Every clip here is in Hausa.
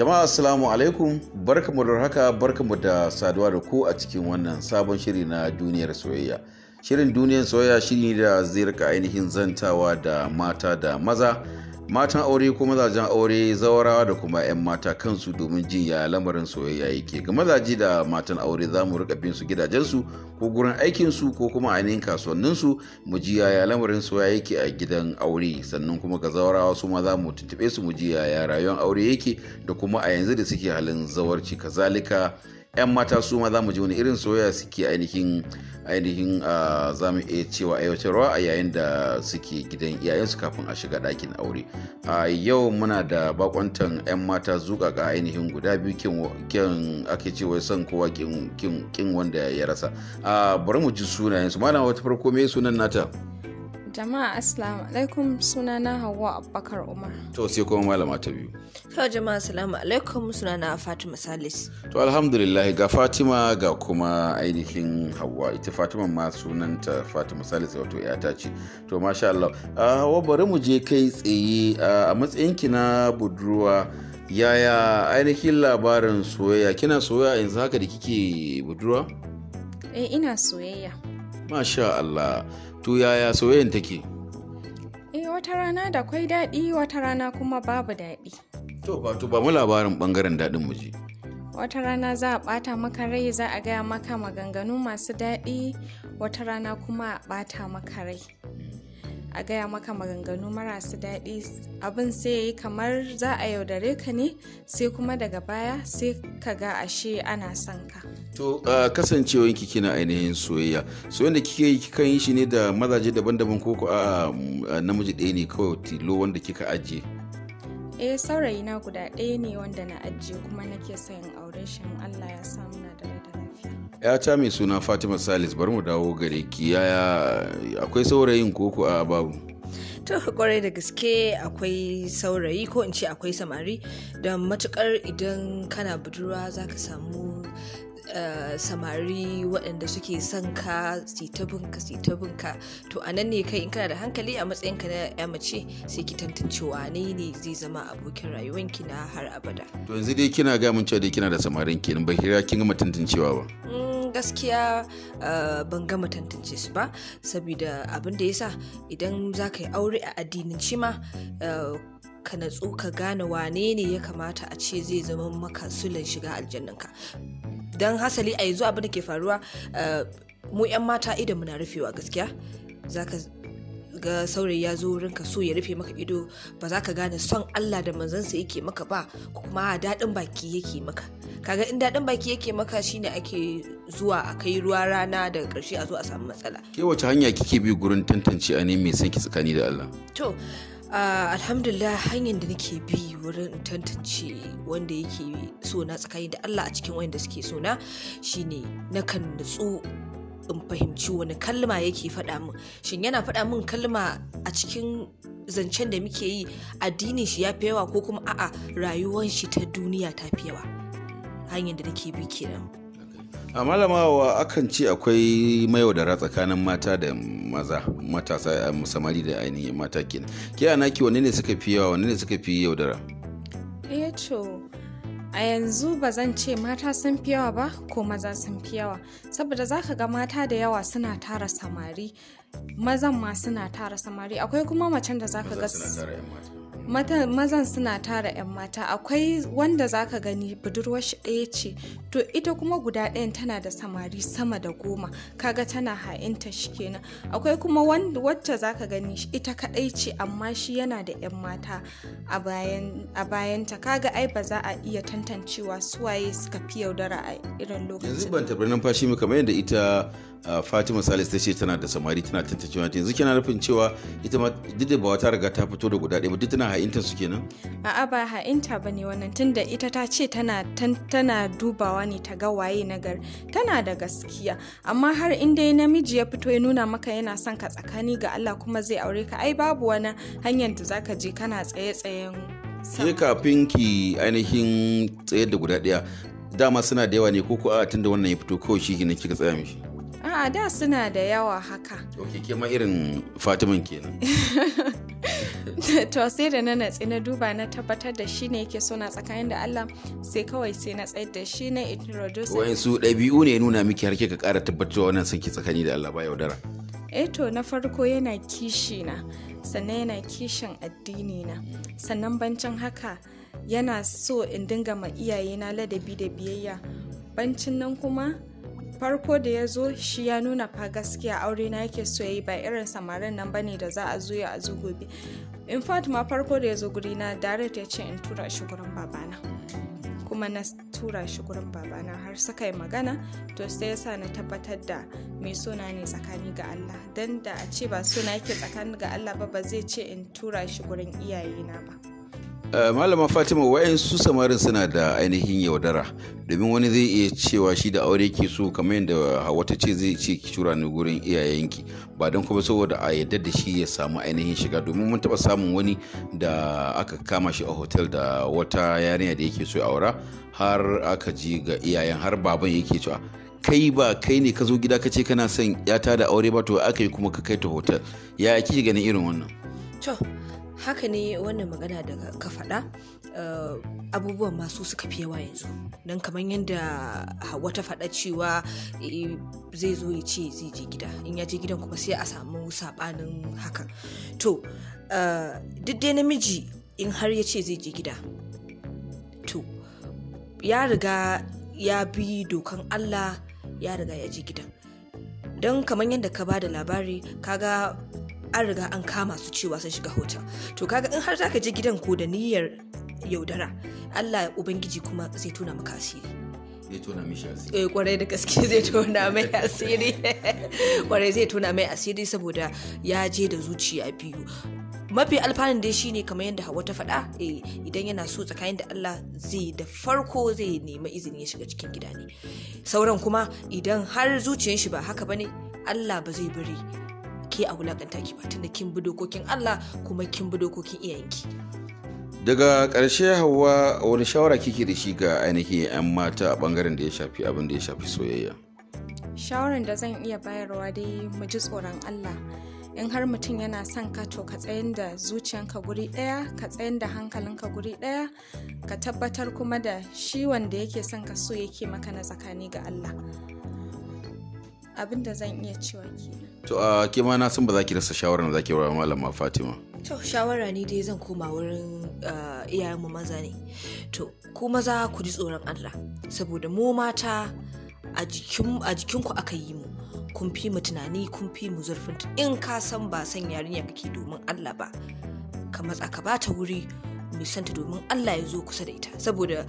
Jama'a assalamu alaikum barkamu da haka barkamu da saduwa da ku a cikin wannan sabon shiri na duniyar soyayya. Shirin duniyar soyayya shiri da zirka ainihin zantawa da mata da maza matan aure ko mazajen aure zawarawa da kuma 'yan mata kansu domin jin ya lamarin soyayya yake ga mazaji da matan aure za mu rika bin su gidajensu ko gurin aikinsu ko kuma ainihin kasuwanninsu mu ji ya lamarin soyayya yake a gidan aure sannan kuma ga zawarawa su ma za mu tuntube su mu ji ya rayuwar aure yake da kuma a yanzu da suke halin zawarci kazalika 'yan mata su ma za mu ji wani irin soyayya suke ainihin ainihin za mu iya cewa aiwatarwa a yayin da suke gidan iyayensu kafin a shiga ɗakin aure a yau muna da bakwantan 'yan mata zuƙaƙa ainihin guda biyu kin ake cewa son kowa kin wanda ya rasa bari mu ji sunayensu malam wata farko me sunan nata Jama'a Assalamu alaikum sunana hawa Abubakar Umar. To sai kuma malama ta biyu. To jama'a Assalamu alaikum sunana Fatima Salis. To alhamdulillah ga Fatima ga kuma ainihin hawa ita Fatima ma sunanta Fatima Salis wato ta ce. To masha Allah. Ah, Hauwa bari mu je kai tsaye ah, a matsayinki na budurwa yaya ainihin labarin soyayya kina soyayya yanzu haka da kike budurwa? Eh ina soyayya. Masha Allah. tu yaya soyayyen take eh wata rana da kwai daɗi wata rana kuma babu daɗi to ba to ba mu labarin ɓangaren daɗin mu je wata rana za a ɓata maka rai za a gaya maka maganganu masu daɗi wata rana kuma a ɓata maka rai a gaya maka maganganu marasu daɗi abin sai ya yi kamar za a yaudare ka ne sai kuma daga baya sai ka ga ashe ana son ka to uh, kina ainihin soyayya so da kike yi kikan yi shi ne da mazaje daban-daban ko a namiji ɗaya ne kawai tilo wanda kika ajiye eh saurayi na guda ɗaya ne wanda na ajiye kuma nake son in aure shi Allah ya samu na da da lafiya yata mai suna Fatima Salis bari mu dawo gare ki yaya akwai saurayin koko a babu to kwarai da gaske akwai saurayi ko in ce akwai samari da matukar idan kana budurwa zaka samu Eh, samari waɗanda suke son ka sitabinka ka to a nan ne kai in kana da hankali a matsayin ka na ya mace sai ki tantance wane ne zai zama abokin rayuwar ki na har abada to yanzu dai kina ga mun cewa dai kina da samarin kenan ba kira kin gama tantancewa ba mm, gaskiya eh, ban gama tantance su ba saboda abin da yasa idan za ka yi aure a addinin ma eh, ka natsu ka gane wane ne ya kamata a ce zai zama maka sulan shiga ka don hasali a yanzu abin da ke faruwa eh, mu 'yan mata idan muna rufewa gaskiya za ka ga saurayi ya zo wurin ka so ya rufe maka ido ba za ka gane son Allah da manzansa yake maka ba kuma daɗin baki yake maka kaga in daɗin baki yake maka shine ake zuwa a kai ruwa rana daga karshe a zo a samu matsala ke wace hanya kike bi gurin tantance a ne mai sanki tsakani da Allah to Ah, alhamdulillah hanyar da nake bi wurin tantance wanda yake sona tsakani da Allah a cikin wanda suke sona shine nakan nutsu in fahimci wani kalma yake faɗa min shin yana faɗa min kalma a cikin zancen da muke yi addinin shi ya fi yawa ko kuma a'a rayuwar shi ta duniya ta fi yawa hanyar da nake bi kenan a malamawa akan ce akwai da tsakanin mata da maza matasa musamari eh, da ainihin mata kenan ke ana ki wanne ne suka fi yawa wanne ne suka fi yaudara eh to a yanzu ba zan ce mata sun fi yawa ba ko maza sun fi yawa saboda za ka ga mata da yawa suna tara samari mazan ma suna tara samari akwai kuma macen da zaka ga mazan suna tara 'yan mata akwai wanda zaka gani budurwar shi ɗaya ce to ita kuma guda ɗayan tana da samari sama da goma kaga tana ha'inta shi kenan akwai kuma wacce zaka gani ita kaɗai ce amma shi yana da 'yan mata a bayanta kaga ai ba za a iya tantancewa suwaye suka fi yaudara a irin lokacin yanzu ban tabbatar numfashi mu kamar yadda ita fatima salis ta ce tana da samari tana tattacewa ta yanzu kina nufin cewa ita ma duk da bawa ta riga ta fito da guda ɗaya ba duk tana ha'inta su kenan a'a ba ha'inta ba ne wannan tunda ita ta ce tana tana dubawa ne ta ga waye na gari tana da gaskiya amma har in dai namiji ya fito ya nuna maka yana son ka tsakani ga Allah kuma zai aure ka ai babu wani hanyar da zaka je kana tsaye-tsayen sai kafin ki ainihin tsayar da guda ɗaya dama suna da yawa ne ko ko a tunda wannan ya fito kawai shi ne kika tsaya mishi a ah, da suna da yawa haka ok ke ma irin fatiman kenan to sai da na natsi na duba na tabbatar da shi ne yake so tsakanin da Allah sai kawai sai na tsayar da shi na introduce wayan su ɗabi'u ne nuna miki harke kika ƙara tabbatarwa wannan son ke tsakani da Allah ba yaudara eh na farko yana kishi na sannan yana kishin addini na sannan bancin haka yana so in dinga ma iyayena ladabi da biyayya bancin nan kuma farko da ya zo shi ya nuna fa gaskiya aure na yake so yayi ba irin samarin nan bane da za a zo ya zo gobe in fact ma farko da ya zo guri na direct ya ce in tura shi gurin babana kuma na tura shi gurin babana har suka yi magana to sai sa na tabbatar da mai suna ne tsakani ga Allah dan da a ce ba suna yake tsakani ga Allah ba ba zai ce in tura shi gurin iyayena ba Eh, malama fatima wa'yansu samarin suna da ainihin yaudara domin wani zai iya cewa shi da aure ke so kamar yadda hawa ta ce zai ce ki tura ni gurin iyayenki ba don kuma saboda a yadda da shi ya samu ainihin shiga domin mun taba samun wani da aka kama shi a hotel da wata yarinya da yake so ya aura har aka ji ga iyayen har baban yake cewa kai ba kai ne ka zo gida ka ce kana son yata da aure ba to aka yi kuma ka kai ta hotel ya kike ganin irin wannan haka ne wannan magana da ka faɗa eh, abubuwan masu suka fi yawa yanzu don kamar yadda wata ta faɗa cewa eh, zai zo ya ce zai je gida in ya je gidan kuma sai a samu saɓanin hakan to eh, duk dai namiji in har ya ce zai je gida to ya riga ya bi dokan allah ya riga ya je gidan don kamar yadda ka ba da labari kaga an riga an kama su cewa sun shiga hotel to kaga in har zaka je gidan ko da niyyar yaudara Allah ya ubangiji kuma zai tona maka asiri eh, kwarai da gaske zai tona mai asiri kwarai zai tona mai asiri saboda ya je da zuciya biyu mafi alfanun dai shine kamar yadda hawa ta faɗa eh, idan yana so tsakanin da Allah zai da farko zai nemi izini ya shiga cikin gida ne sauran kuma idan har zuciyar shi ba haka bane Allah ba zai bari ke a wulakanta ki ba tunda kin bi dokokin Allah kuma kin bi dokokin iyayenki daga ƙarshe hawa wani shawara kike da shi ga ainihin 'yan mata a bangaren da ya shafi abin da ya shafi soyayya shawaran da zan iya bayarwa dai mu ji tsoron Allah in har mutum yana son ka to ka tsayin da zuciyanka guri ɗaya ka tsayin da hankalinka guri ɗaya ka tabbatar kuma da shi wanda yake son ka so yake maka na tsakani ga Allah abin da zan iya cewa kenan to a ke ma na san ba za ki rasa shawara da zaki rawa malama Fatima to shawara ni dai zan koma wurin iyayenmu maza ne to ku maza ku ji tsoron Allah saboda mu mata a jikinku aka yi mu kun fi mu tunani kun fi mu zurfin in ka san ba san yarinya kake domin Allah ba ka matsa ka bata wuri mai santa domin Allah ya zo kusa da ita saboda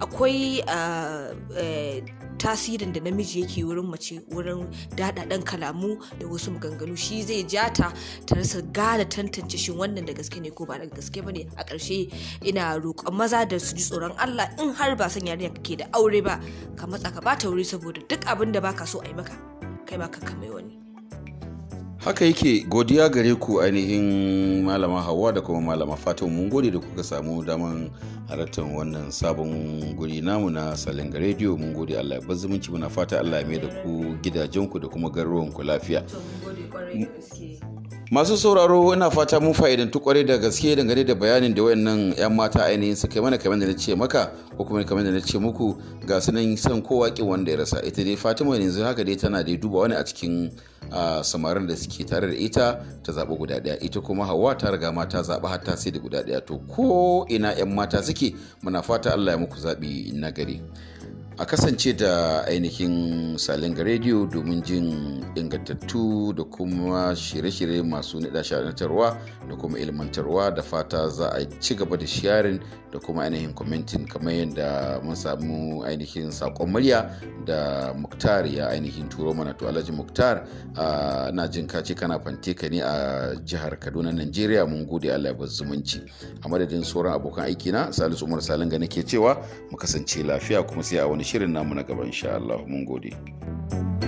akwai eh, tasirin da namiji yake wurin mace wurin daɗaɗan kalamu da wasu maganganu shi zai ja ta ta rasa gane tantance shin wannan da gaske ne ko ba da gaske ba ne a karshe ina roƙon maza da su ji tsoron Allah in har ba san yarinya kake da aure ba ka matsa ka bata wuri saboda duk abin da baka so a yi maka kai ma ka kame wani haka yake godiya gare ku ainihin malama hawa da kuma malama fatan mun gode da kuka samu daman halartar wannan sabon guri namu na salinga rediyo mun gode allah ya zumunci muna fata allah mai da ku gidajenku da kuma ku lafiya masu sauraro ina fata mun fa'idantu kwarai da gaske dangane da bayanin da wayannan yan mata ainihin su kai mana kamar da na ce maka ko kuma kamar da na ce muku ga sunan san kowa ki wanda ya rasa ita dai fatima yanzu haka dai tana da duba wani a cikin a samarin da suke tare da ita ta zaɓi guda ɗaya ita kuma hawa ta riga mata zaɓi har ta sai da guda ɗaya to ko ina 'yan mata suke muna fata allah ya muku zaɓi na gari a kasance da ainihin salinga rediyo domin jin ingantattu da kuma shirye-shirye masu nida shanatarwa da kuma ilmantarwa da fata za a ci gaba da sharing da kuma ainihin kwamitin kamar yadda mun samu ainihin sakon murya da muktar ya ainihin turo mana to alhaji muktar na jin kace kana fante ka ne a jihar kaduna nigeria mun gode allah ya zumunci a madadin sauran abokan aiki na salisu umar salinga nake cewa mu kasance lafiya kuma sai a wani shirin namu na gaba insha allah mun gode.